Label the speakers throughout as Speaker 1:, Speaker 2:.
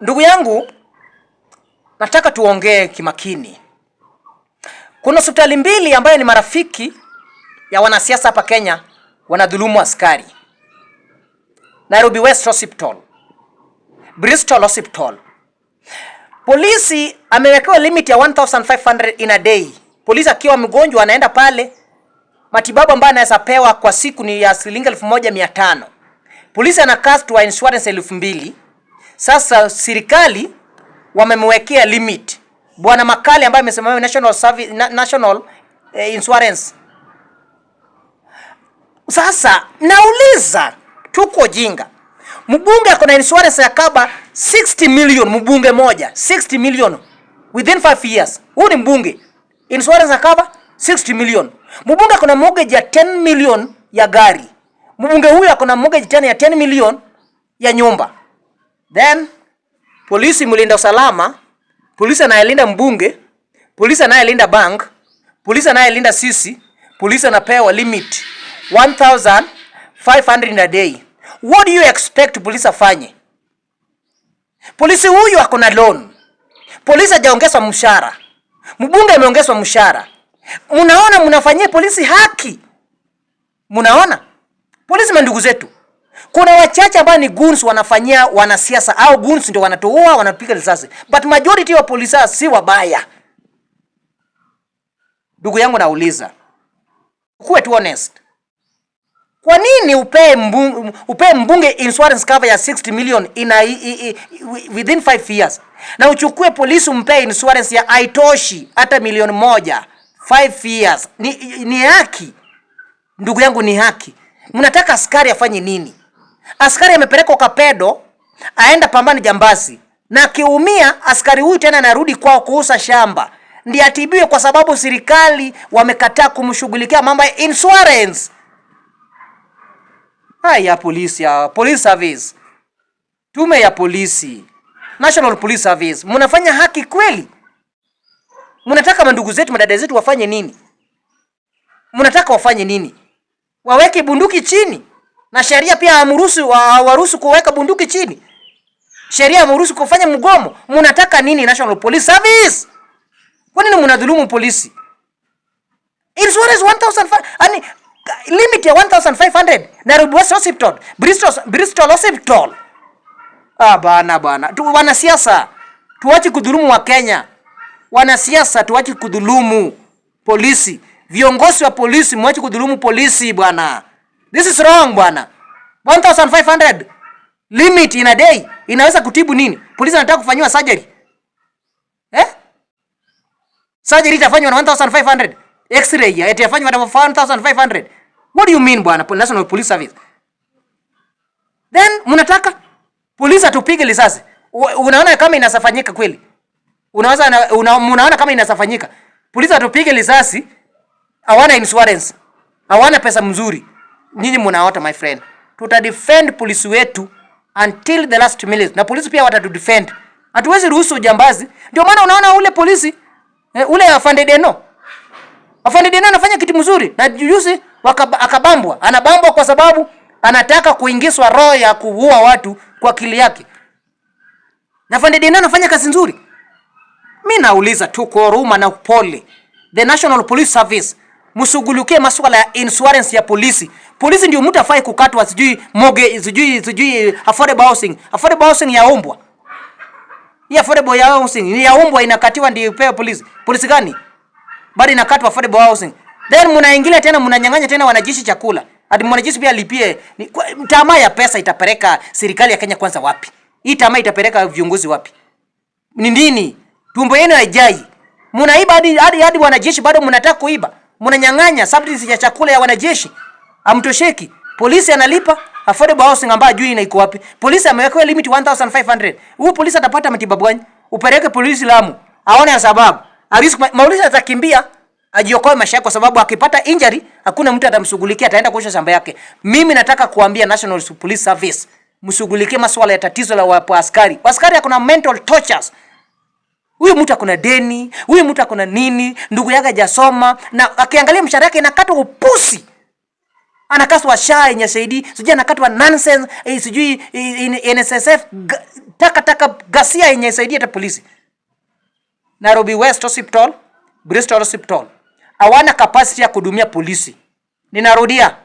Speaker 1: Ndugu yangu, nataka tuongee kimakini. Kuna hospitali mbili ambayo ni marafiki ya wanasiasa hapa Kenya, wanadhulumu askari: Nairobi West Hospital, Bristol Hospital. Polisi amewekewa limit ya 1500 in a day. Polisi akiwa mgonjwa anaenda pale, matibabu ambayo anaweza pewa kwa siku ni ya shilingi 1500. Polisi ana cost wa insurance elfu mbili sasa serikali wamemwekea limit Bwana Makali ambaye amesema National Service, National eh, Insurance. Sasa nauliza tuko jinga. Mbunge ako na insurance ya kaba 60 million, mbunge moja 60 million within 5 years. Huyu ni mbunge insurance ya kaba 60 million. Mbunge ako na mortgage ya 10 million ya gari. Mbunge huyu ako na mortgage tena ya 10 million ya nyumba. Then polisi mlinda usalama, polisi anayelinda mbunge, polisi anayelinda bank, polisi anayelinda sisi, polisi anapewa limit 1500 a day. What do you expect polisi afanye? Polisi huyu ako na loan. Polisi hajaongezwa mshahara. Mbunge ameongezwa mshahara. munaona mnafanyia polisi haki? munaona Polisi mandugu zetu. Kuna wachache ambao ni guns wanafanyia wanasiasa au guns ndio wanatoa wanapiga risasi. But majority wa polisi si wabaya. Ndugu yangu nauliza. Kuwe tu honest. Kwa nini upee mbunge, upe mbunge insurance cover ya 60 million in a, i, i, within 5 years na uchukue polisi umpee insurance ya aitoshi hata milioni moja 5 years? Ni, ni haki ndugu yangu, ni haki. Mnataka askari afanye nini? askari amepelekwa Kapedo aenda pambani jambazi, na akiumia askari huyu tena anarudi kwao kuuza shamba ndiye atibiwe, kwa sababu serikali wamekataa kumshughulikia mambo ya insurance. Haya, polisi ya police service, tume ya polisi, National Police Service, mnafanya haki kweli? Mnataka mandugu zetu madada zetu wafanye nini? Mnataka wafanye nini? Waweke bunduki chini? na sheria pia amruhusu waruhusu kuweka bunduki chini. Sheria amruhusu kufanya mgomo. Mnataka nini National Police Service? Kwa nini mnadhulumu polisi? It's what is 1500 ani limit ya 1500 Nairobi West Hospital, Bristol Bristol Hospital. Ah, bana bana. Tu wanasiasa tuache kudhulumu wa Kenya. Wanasiasa tuache kudhulumu polisi. Viongozi wa polisi mwache kudhulumu polisi bwana. This is wrong bwana. 1500 limit in a day inaweza kutibu nini? Polisi anataka kufanyiwa surgery. Eh? Surgery itafanywa na 1500. X-ray ya itafanywa na 1500. What do you mean bwana? National Police Service. Then mnataka polisi atupige risasi. Unaona kama inasafanyika kweli? Unaweza una, unaona kama inasafanyika. Polisi atupige risasi hawana insurance. Hawana pesa mzuri nyinyi mnaota my friend, tuta defend polisi wetu until the last minute, na polisi pia watatu defend. Hatuwezi ruhusu ujambazi. Ndio maana unaona ule polisi eh, ule afande Deno, afande Deno anafanya kitu mzuri na juzi akabambwa, anabambwa kwa sababu anataka kuingizwa roho ya kuua watu kwa akili yake, na afande Deno anafanya kazi nzuri. Mimi nauliza tu kwa huruma na upole, the National Police Service mshughulikie masuala ya insurance ya polisi. Polisi ndio mtu afai kukatwa, sijui moge, sijui sijui affordable housing. Affordable housing ya umbwa. ya affordable housing ni ya umbwa inakatiwa, ndio ipewe polisi. Polisi gani bali inakatwa affordable housing, then mnaingilia tena mnanyang'anya tena wanajeshi chakula hadi mwanajeshi pia alipie. Tamaa ya pesa itapeleka serikali ya Kenya kwanza wapi? Hii tamaa itapeleka viongozi wapi? Ni nini? Tumbo yenu haijai, mnaiba hadi hadi wanajeshi bado mnataka kuiba mnanyang'anya subsidy ya chakula ya wanajeshi, amtosheki polisi analipa affordable housing ambayo hajui inaiko wapi. Polisi amewekewa limit 1500. Huyu polisi atapata matibabu gani? Upeleke polisi Lamu aone ya sababu. Polisi atakimbia ajiokoe maisha yake, kwa sababu akipata injury hakuna mtu atamshughulikia, ataenda kuosha shamba yake. Mimi nataka kuambia National Police Service mshughulikie masuala ya tatizo la wapo Askari Askari hakuna mental tortures Huyu mtu akona deni, huyu mtu akona nini, ndugu yake hajasoma, na akiangalia mshahara yake inakatwa upusi, anakaswa shaa yenye saidi, sijui anakatwa nonsense, eh, sijui eh, NSSF taka taka, gasia yenye saidi hata polisi. Nairobi West Hospital, Bristol Hospital hawana capacity ya kudumia polisi. Ninarudia,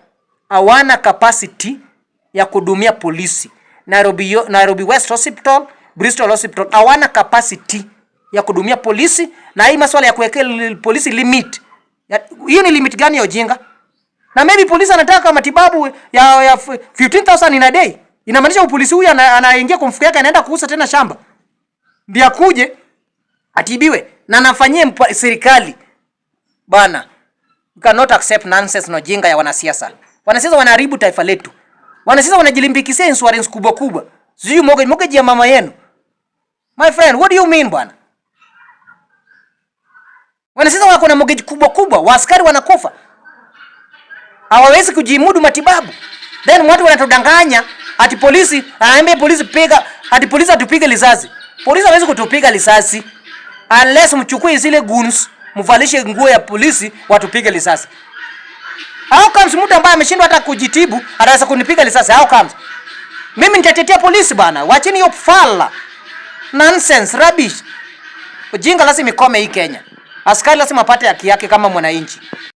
Speaker 1: hawana capacity ya kudumia polisi. Nairobi Nairobi West Hospital, Bristol Hospital hawana capacity ya kudumia polisi na hii masuala ya kuwekea polisi limit. Hiyo ni limit gani ya ujinga? Na maybe polisi anataka matibabu ya, ya 15000 in a day. Inamaanisha polisi huyu anaingia kwa mfuko yake anaenda kuuza tena shamba. Ndio akuje atibiwe na nafanyie serikali. Bana. We cannot accept nonsense na ujinga ya wanasiasa. Wanasiasa wanaharibu taifa letu. Wanasiasa wanajilimbikisia insurance kubwa kubwa. Sijui mortgage, mortgage ya mama yenu. My friend, what do you mean bwana? Wanasema wako na mogeji kubwa kubwa, waaskari wanakufa, hawawezi kujimudu matibabu, then watu wanatudanganya ati polisi, anaambia polisi piga, ati polisi atupige lisasi. Polisi hawezi kutupiga lisasi unless mchukue zile guns mvalishe nguo ya polisi watupige lisasi. How comes mtu ambaye ameshindwa hata kujitibu anaweza kunipiga lisasi? How comes? Mimi nitatetea polisi bana. Wachini hiyo fala. Nonsense, rubbish. Ujinga lazima ikome hii Kenya. Askari lazima apate haki yake kama mwananchi.